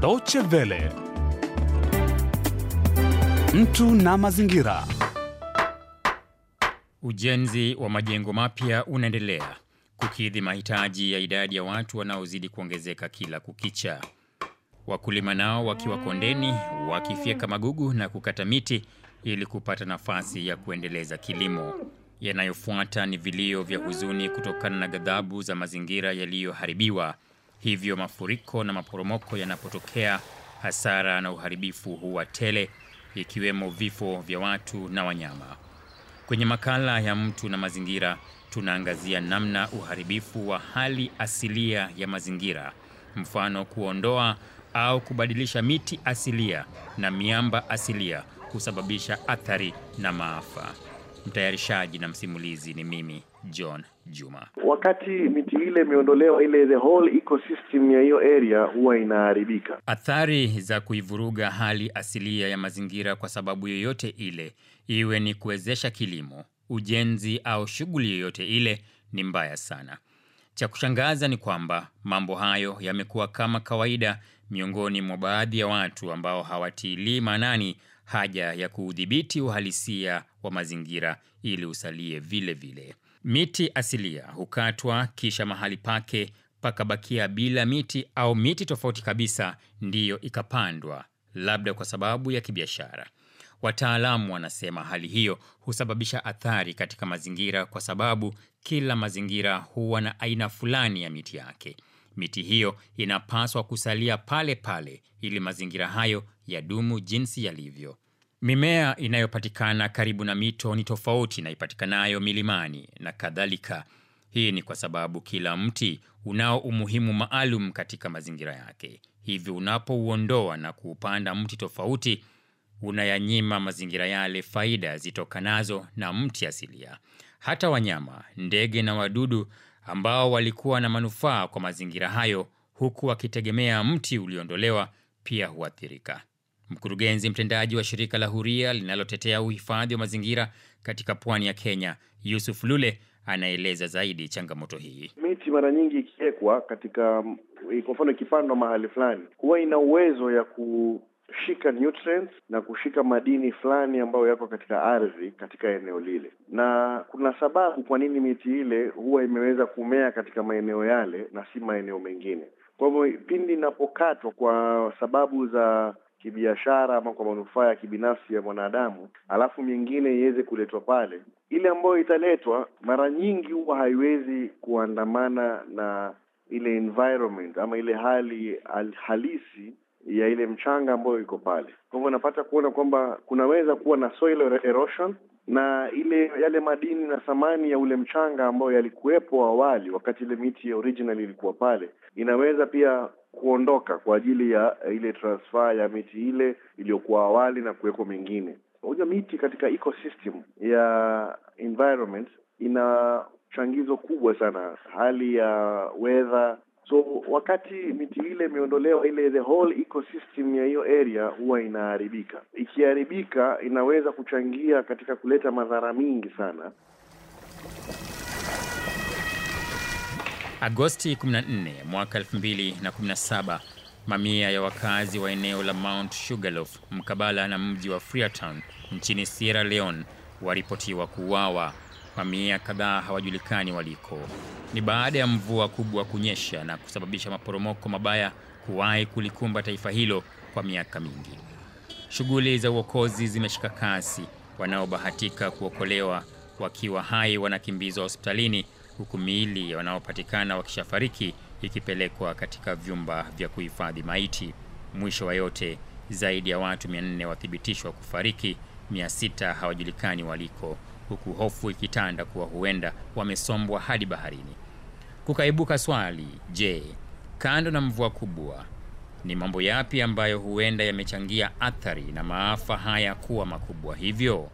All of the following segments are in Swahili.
Deutsche Welle. Mtu na mazingira. Ujenzi wa majengo mapya unaendelea kukidhi mahitaji ya idadi ya watu wanaozidi kuongezeka kila kukicha. Wakulima nao wakiwa kondeni wakifyeka magugu na kukata miti ili kupata nafasi ya kuendeleza kilimo. Yanayofuata ni vilio vya huzuni kutokana na ghadhabu za mazingira yaliyoharibiwa. Hivyo mafuriko na maporomoko yanapotokea, hasara na uharibifu huwa tele, ikiwemo vifo vya watu na wanyama. Kwenye makala ya Mtu na Mazingira tunaangazia namna uharibifu wa hali asilia ya mazingira, mfano kuondoa au kubadilisha miti asilia na miamba asilia kusababisha athari na maafa. Mtayarishaji na msimulizi ni mimi John Juma. Wakati miti ile imeondolewa, ile the whole ecosystem ya hiyo area huwa inaharibika. Athari za kuivuruga hali asilia ya mazingira kwa sababu yoyote ile, iwe ni kuwezesha kilimo, ujenzi au shughuli yoyote ile, ni mbaya sana. Cha kushangaza ni kwamba mambo hayo yamekuwa kama kawaida miongoni mwa baadhi ya watu ambao hawatilii maanani haja ya kuudhibiti uhalisia wa mazingira ili usalie vile vile. Miti asilia hukatwa kisha mahali pake pakabakia bila miti au miti tofauti kabisa ndiyo ikapandwa, labda kwa sababu ya kibiashara. Wataalamu wanasema hali hiyo husababisha athari katika mazingira kwa sababu kila mazingira huwa na aina fulani ya miti yake. Miti hiyo inapaswa kusalia pale pale ili mazingira hayo yadumu jinsi yalivyo. Mimea inayopatikana karibu na mito ni tofauti na ipatikanayo milimani na kadhalika. Hii ni kwa sababu kila mti unao umuhimu maalum katika mazingira yake. Hivyo unapouondoa na kuupanda mti tofauti unayanyima mazingira yale faida zitokanazo na mti asilia. Hata wanyama, ndege na wadudu ambao walikuwa na manufaa kwa mazingira hayo, huku wakitegemea mti uliondolewa, pia huathirika. Mkurugenzi mtendaji wa shirika la Huria linalotetea uhifadhi wa mazingira katika pwani ya Kenya, Yusuf Lule, anaeleza zaidi changamoto hii. Miti mara nyingi ikiwekwa katika, kwa mfano ikipandwa mahali fulani, huwa ina uwezo ya ku kushika nutrients na kushika madini fulani ambayo yako katika ardhi katika eneo lile, na kuna sababu kwa nini miti ile huwa imeweza kumea katika maeneo yale na si maeneo mengine. Kwa hivyo pindi inapokatwa kwa sababu za kibiashara ama kwa manufaa ya kibinafsi ya mwanadamu, alafu mingine iweze kuletwa pale, ile ambayo italetwa mara nyingi huwa haiwezi kuandamana na ile environment ama ile hali halisi ya ile mchanga ambayo iko pale. Kwa hivyo unapata kuona kwamba kunaweza kuwa na soil erosion na ile yale madini na thamani ya ule mchanga ambayo yalikuwepo awali wakati ile miti ya original ilikuwa pale, inaweza pia kuondoka kwa ajili ya eh, ile transfer ya miti ile iliyokuwa awali na kuwekwa mingine. Unajua, miti katika ecosystem ya environment ina changizo kubwa sana, hali ya weather So wakati miti ile imeondolewa, ile the whole ecosystem ya hiyo area huwa inaharibika. Ikiharibika inaweza kuchangia katika kuleta madhara mingi sana. Agosti 14 mwaka 217 mamia ya wakazi wa eneo la Mount Sugarloaf mkabala na mji wa Freetown nchini Sierra Leone waripotiwa kuuawa. Kwa mia kadhaa hawajulikani waliko. Ni baada ya mvua kubwa kunyesha na kusababisha maporomoko mabaya kuwahi kulikumba taifa hilo kwa miaka mingi. Shughuli za uokozi zimeshika kasi, wanaobahatika kuokolewa wakiwa hai wanakimbizwa hospitalini, huku miili wanaopatikana wakishafariki ikipelekwa katika vyumba vya kuhifadhi maiti. Mwisho wa yote, zaidi ya watu 400 wathibitishwa kufariki, 600 hawajulikani waliko huku hofu ikitanda kuwa huenda wamesombwa hadi baharini. Kukaibuka swali, je, kando na mvua kubwa, ni mambo yapi ambayo huenda yamechangia athari na maafa haya kuwa makubwa hivyo?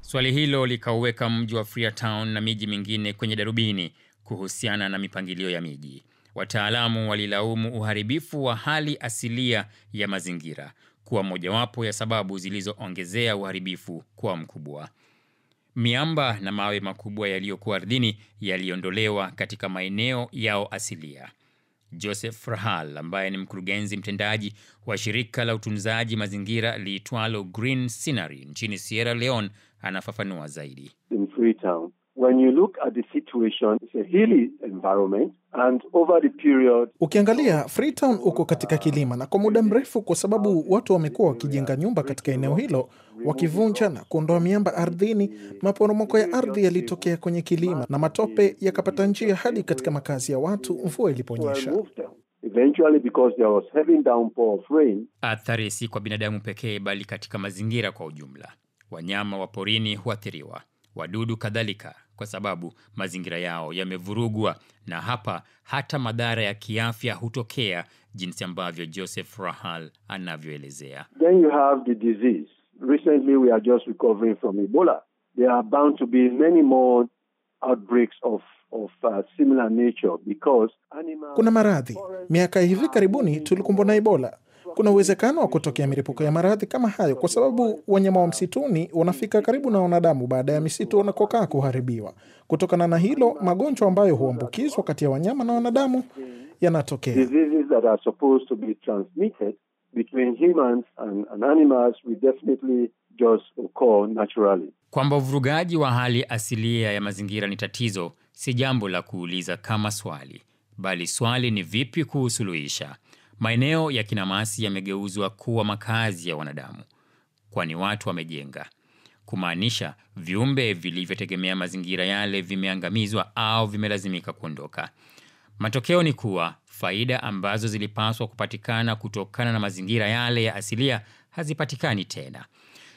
Swali hilo likauweka mji wa Freetown na miji mingine kwenye darubini kuhusiana na mipangilio ya miji. Wataalamu walilaumu uharibifu wa hali asilia ya mazingira kuwa mojawapo ya sababu zilizoongezea uharibifu kwa mkubwa miamba na mawe makubwa yaliyokuwa ardhini yaliondolewa katika maeneo yao asilia. Joseph Rahal ambaye ni mkurugenzi mtendaji wa shirika la utunzaji mazingira liitwalo Green Scenery nchini Sierra Leone anafafanua zaidi. In Freetown, Ukiangalia Freetown uko katika kilima na kwa muda mrefu, kwa sababu watu wamekuwa wakijenga nyumba katika eneo hilo, wakivunja na kuondoa miamba ardhini. Maporomoko ya ardhi yalitokea kwenye kilima na matope yakapata njia hadi katika makazi ya watu mvua iliponyesha. Athari si kwa binadamu pekee, bali katika mazingira kwa ujumla. Wanyama wa porini huathiriwa wadudu kadhalika, kwa sababu mazingira yao yamevurugwa, na hapa hata madhara ya kiafya hutokea, jinsi ambavyo Joseph Rahal anavyoelezea. Then you have the disease. Recently we are just recovering from Ebola. There are bound to be many more outbreaks of Of, uh, similar nature because kuna maradhi miaka hivi karibuni tulikumbwa na Ebola kuna uwezekano wa kutokea milipuko ya maradhi kama hayo, kwa sababu wanyama wa msituni wanafika karibu na wanadamu baada ya misitu wanakokaa kuharibiwa. Kutokana na hilo, magonjwa ambayo huambukizwa kati ya wanyama na wanadamu yanatokea. Kwamba uvurugaji wa hali asilia ya mazingira ni tatizo, si jambo la kuuliza kama swali, bali swali ni vipi kuusuluhisha. Maeneo ya kinamasi yamegeuzwa kuwa makazi ya wanadamu, kwani watu wamejenga, kumaanisha viumbe vilivyotegemea mazingira yale vimeangamizwa au vimelazimika kuondoka. Matokeo ni kuwa faida ambazo zilipaswa kupatikana kutokana na mazingira yale ya asilia hazipatikani tena.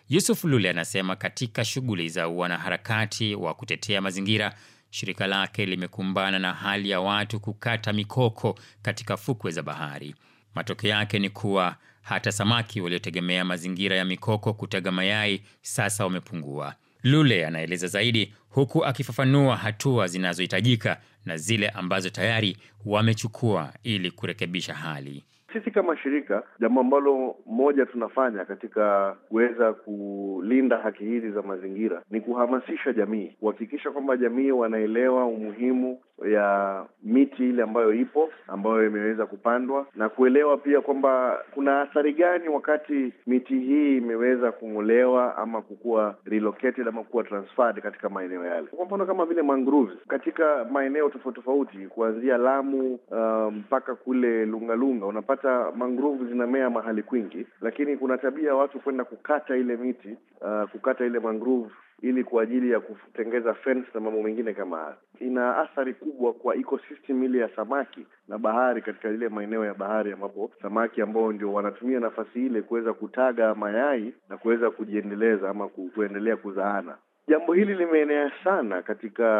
Yusuf Lule anasema katika shughuli za wanaharakati wa kutetea mazingira shirika lake limekumbana na hali ya watu kukata mikoko katika fukwe za bahari. Matokeo yake ni kuwa hata samaki waliotegemea mazingira ya mikoko kutaga mayai sasa wamepungua. Lule anaeleza zaidi, huku akifafanua hatua zinazohitajika na zile ambazo tayari wamechukua ili kurekebisha hali. Sisi kama shirika, jambo ambalo moja tunafanya katika kuweza kulinda haki hizi za mazingira ni kuhamasisha jamii, kuhakikisha kwamba jamii wanaelewa umuhimu ya miti ile ambayo ipo ambayo imeweza kupandwa na kuelewa pia kwamba kuna athari gani wakati miti hii imeweza kung'olewa ama kukuwa relocated ama kukuwa transferred katika maeneo yale. Kwa mfano kama vile mangroves katika maeneo tofauti tofauti kuanzia Lamu uh, mpaka um, kule Lungalunga unapata mangroves zinamea mahali kwingi, lakini kuna tabia watu kwenda kukata ile miti uh, kukata ile mangrove ili kwa ajili ya kutengeza fence na mambo mengine kama hayo. Ina athari kubwa kwa ecosystem ile ya samaki na bahari, katika ile maeneo ya bahari ambapo samaki ambao ndio wanatumia nafasi ile kuweza kutaga mayai na kuweza kujiendeleza ama kuendelea kuzaana. Jambo hili limeenea sana katika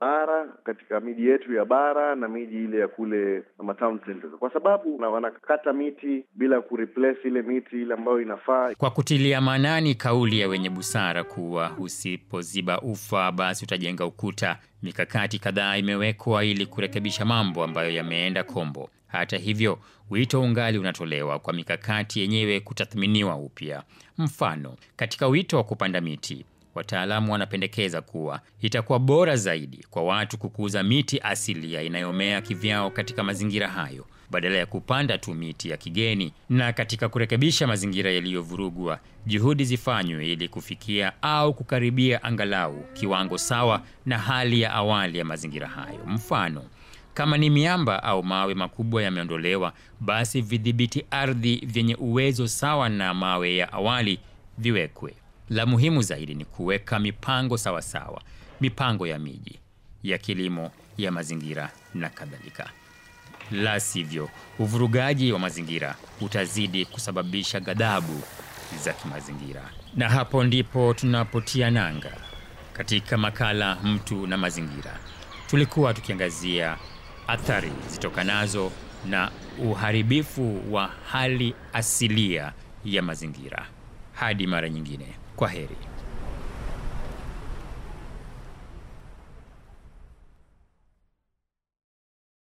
bara katika miji yetu ya bara na miji ile ya kule centers, kwa sababu na wanakata miti bila kureplace ile miti ile ambayo inafaa, kwa kutilia maanani kauli ya wenye busara kuwa usipoziba ufa basi utajenga ukuta. Mikakati kadhaa imewekwa ili kurekebisha mambo ambayo yameenda kombo. Hata hivyo, wito ungali unatolewa kwa mikakati yenyewe kutathminiwa upya. Mfano, katika wito wa kupanda miti Wataalamu wanapendekeza kuwa itakuwa bora zaidi kwa watu kukuza miti asilia inayomea kivyao katika mazingira hayo badala ya kupanda tu miti ya kigeni. Na katika kurekebisha mazingira yaliyovurugwa, juhudi zifanywe ili kufikia au kukaribia angalau kiwango sawa na hali ya awali ya mazingira hayo. Mfano, kama ni miamba au mawe makubwa yameondolewa, basi vidhibiti ardhi vyenye uwezo sawa na mawe ya awali viwekwe. La muhimu zaidi ni kuweka mipango sawasawa sawa, mipango ya miji, ya kilimo, ya mazingira na kadhalika. La sivyo, uvurugaji wa mazingira utazidi kusababisha ghadhabu za kimazingira, na hapo ndipo tunapotia nanga katika makala Mtu na Mazingira. Tulikuwa tukiangazia athari zitokanazo na uharibifu wa hali asilia ya mazingira. Hadi mara nyingine. Quarreri.